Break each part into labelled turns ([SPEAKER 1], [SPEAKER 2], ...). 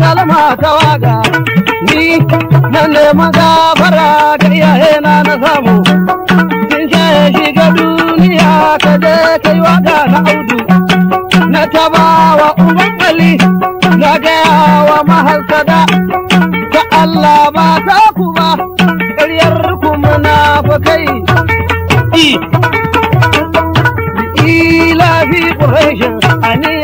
[SPEAKER 1] kalma ta waga ni nan ne maza fara ga iyaye na na samu kin shiga duniya ka je kai waga na audu na taba wa uban ali na gaya wa maharsada ta Allah ba ta ku ba ƙaryar ku munafukai ila fi quraish ani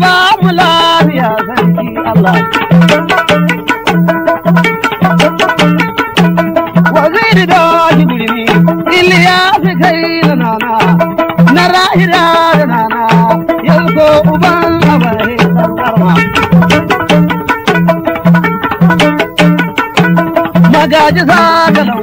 [SPEAKER 1] ba mu lafiya sarki Allah. Waziri da Iliya Iliyas kai na nana, na rahira da nana, yanzu uban abare sarkarwa. Magaji zagalawa.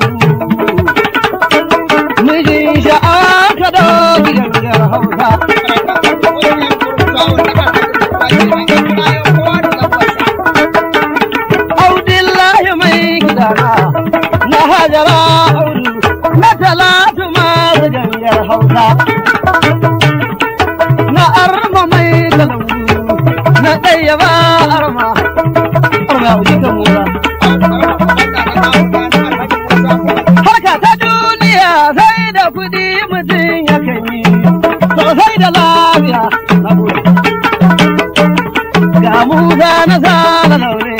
[SPEAKER 1] na arma mai galau na ɗaya ba arma arma uji ka musa harka ta duniya sai da kuɗi mutum ya kan yi sosai da lafiya na ga musa na sala laure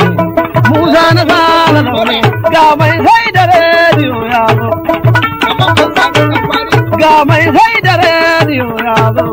[SPEAKER 1] musa na sala laure ga mai sai da rediyo ya zo ga mai sai da rediyo ya zo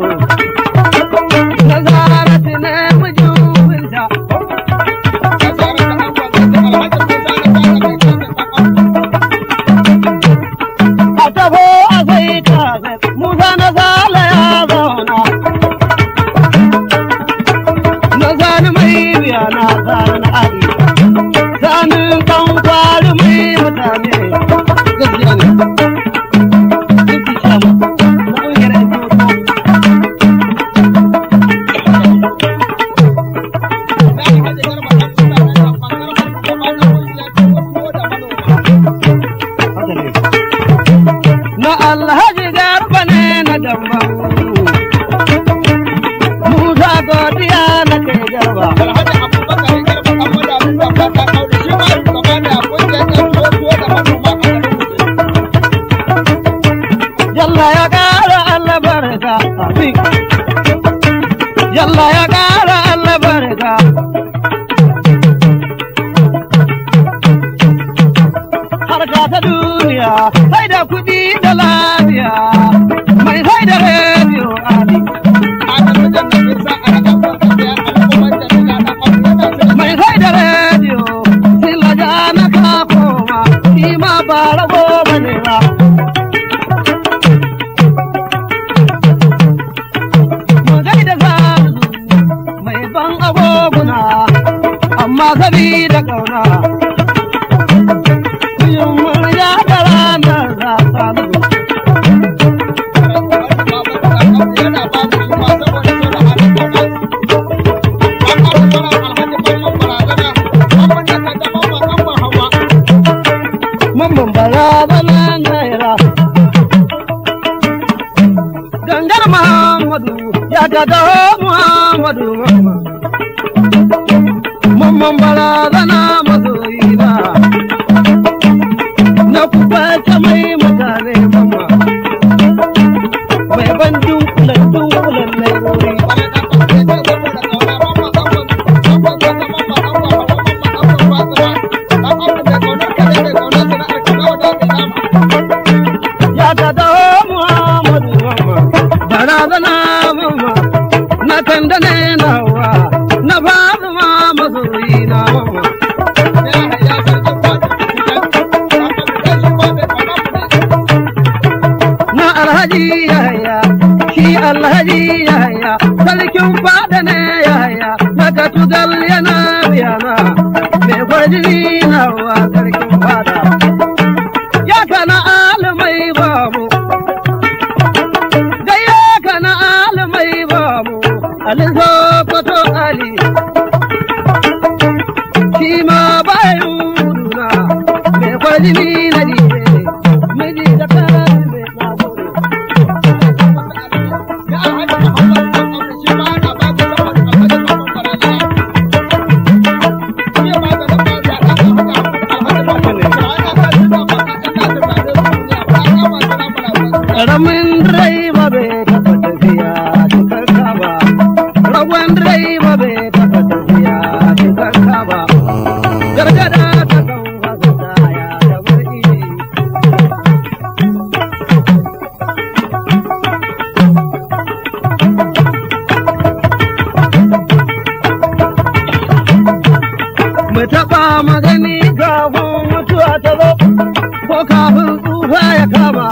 [SPEAKER 1] mambalada na ka tu dal yana yana me gwajina wa mu taɓa magani kafin mutuwa ta zo ko kafin tsufa ya kama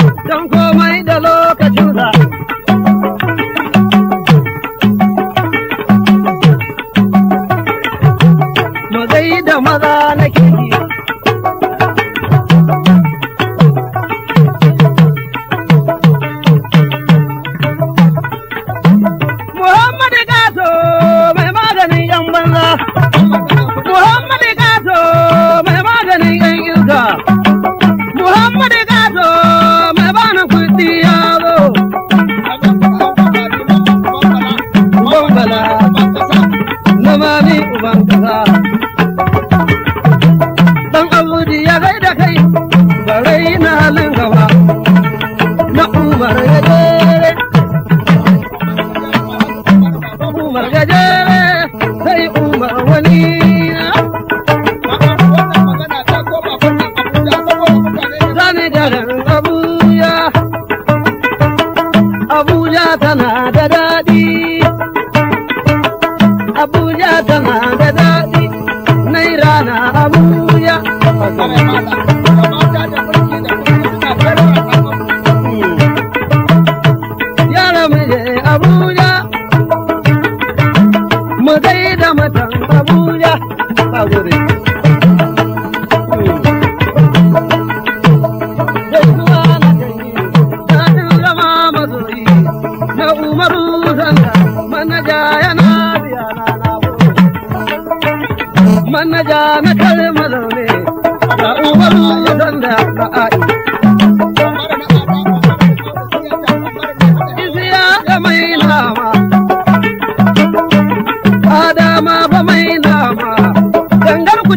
[SPEAKER 1] da mai nama ba dama mai nama gangar ku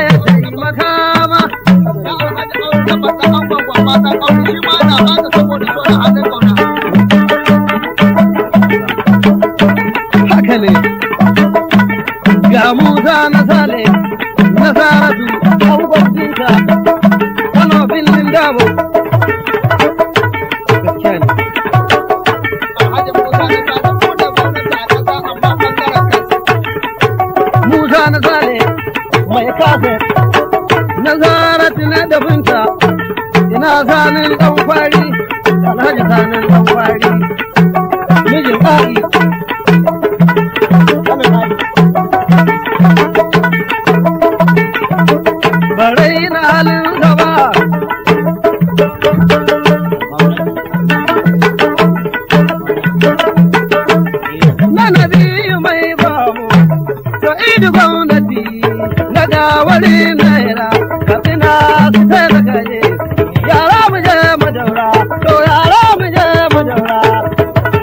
[SPEAKER 1] sale mai kafet na zarati na dafinta ina zanen dan kwari alhaji zanen dan kwari mijin ƙari na halin nabi mai babu ka idu gwamnati सजावड़ी मेरा कतना लगे यारा मुझे मजोड़ा तो यारा मुझे मजोड़ा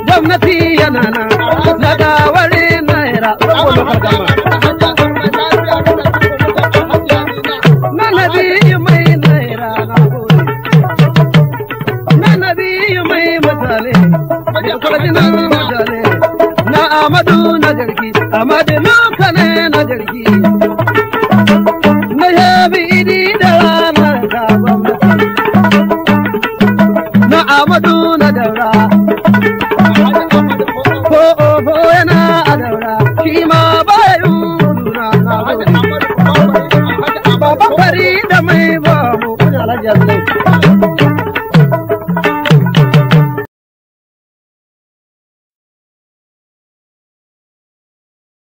[SPEAKER 1] जब नथी नाना सजावड़ी मेरा Na amadu na jirgi, amadu lokane na jirgi.